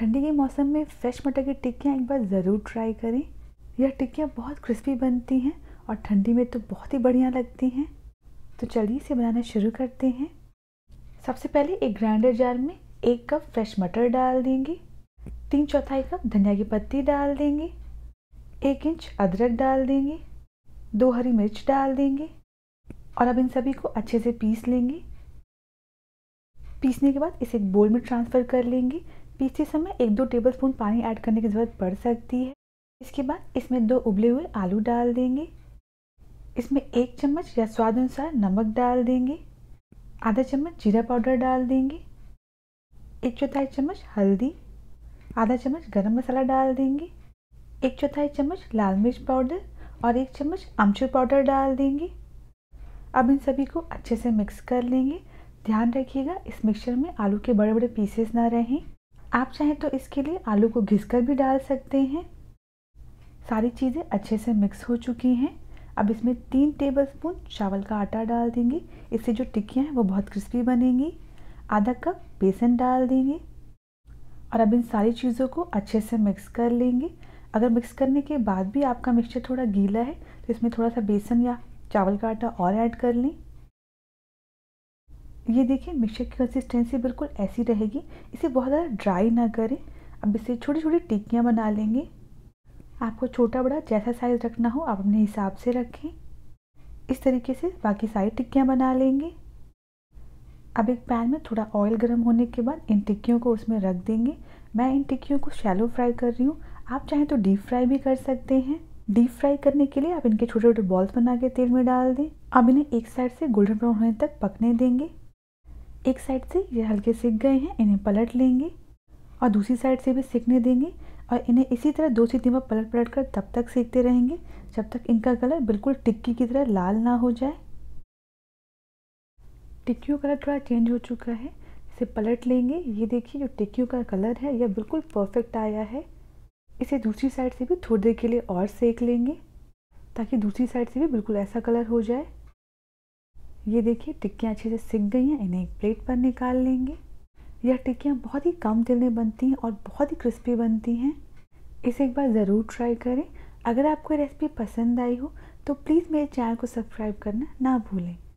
ठंडी के मौसम में फ्रेश मटर की टिक्कियाँ एक बार ज़रूर ट्राई करें यह टिक्कियाँ बहुत क्रिस्पी बनती हैं और ठंडी में तो बहुत ही बढ़िया लगती हैं तो चलिए इसे बनाना शुरू करते हैं सबसे पहले एक ग्राइंडर जार में एक कप फ्रेश मटर डाल देंगे तीन चौथाई कप धनिया की पत्ती डाल देंगे एक इंच अदरक डाल देंगे दो हरी मिर्च डाल देंगे और अब इन सभी को अच्छे से पीस लेंगे पीसने के बाद इसे एक बोल में ट्रांसफ़र कर लेंगे पीसते समय एक दो टेबल स्पून पानी ऐड करने की ज़रूरत पड़ सकती है इसके बाद इसमें दो उबले हुए आलू डाल देंगे इसमें एक चम्मच या स्वाद अनुसार नमक डाल देंगे आधा चम्मच जीरा पाउडर डाल देंगे एक चौथाई चम्मच हल्दी आधा चम्मच गरम मसाला डाल देंगे एक चौथाई चम्मच लाल मिर्च पाउडर और एक चम्मच अमचूर पाउडर डाल देंगे अब इन सभी को अच्छे से मिक्स कर लेंगे ध्यान रखिएगा इस मिक्सचर में आलू के बड़े बड़े पीसेस ना रहें आप चाहें तो इसके लिए आलू को घिस भी डाल सकते हैं सारी चीज़ें अच्छे से मिक्स हो चुकी हैं अब इसमें तीन टेबल स्पून चावल का आटा डाल देंगे इससे जो टिक्कियाँ हैं वो बहुत क्रिस्पी बनेंगी आधा कप बेसन डाल देंगे और अब इन सारी चीज़ों को अच्छे से मिक्स कर लेंगे अगर मिक्स करने के बाद भी आपका मिक्सचर थोड़ा गीला है तो इसमें थोड़ा सा बेसन या चावल का आटा और ऐड कर लें ये देखिए मिक्सचर की कंसिस्टेंसी बिल्कुल ऐसी रहेगी इसे बहुत ज़्यादा ड्राई ना करें अब इसे छोटी छोटी टिक्कियाँ बना लेंगे आपको छोटा बड़ा जैसा साइज़ रखना हो आप अपने हिसाब से रखें इस तरीके से बाकी सारी टिक्कियाँ बना लेंगे अब एक पैन में थोड़ा ऑयल गर्म होने के बाद इन टिक्कियों को उसमें रख देंगे मैं इन टिक्कियों को शैलो फ्राई कर रही हूँ आप चाहें तो डीप फ्राई भी कर सकते हैं डीप फ्राई करने के लिए आप इनके छोटे छोटे बॉल्स बना के तेल में डाल दें अब इन्हें एक साइड से गोल्डन ब्राउन होने तक पकने देंगे एक साइड से ये हल्के सिक गए हैं इन्हें पलट लेंगे और दूसरी साइड से भी सिकने देंगे और इन्हें इसी तरह दो सीटी पर पलट पलट कर तब तक सीखते रहेंगे जब तक इनका कलर बिल्कुल टिक्की की तरह लाल ना हो जाए टिक्कियों कलर थोड़ा चेंज हो चुका है इसे पलट लेंगे ये देखिए जो टिक्कियों का कलर है यह बिल्कुल परफेक्ट आया है इसे दूसरी साइड से भी थोड़ी देर के लिए और सेक लेंगे ताकि दूसरी साइड से भी बिल्कुल ऐसा कलर हो जाए ये देखिए टिक्कियाँ अच्छे से सिक गई हैं इन्हें एक प्लेट पर निकाल लेंगे यह टिक्कियाँ बहुत ही कम तेल में बनती हैं और बहुत ही क्रिस्पी बनती हैं इसे एक बार ज़रूर ट्राई करें अगर आपको रेसिपी पसंद आई हो तो प्लीज़ मेरे चैनल को सब्सक्राइब करना ना भूलें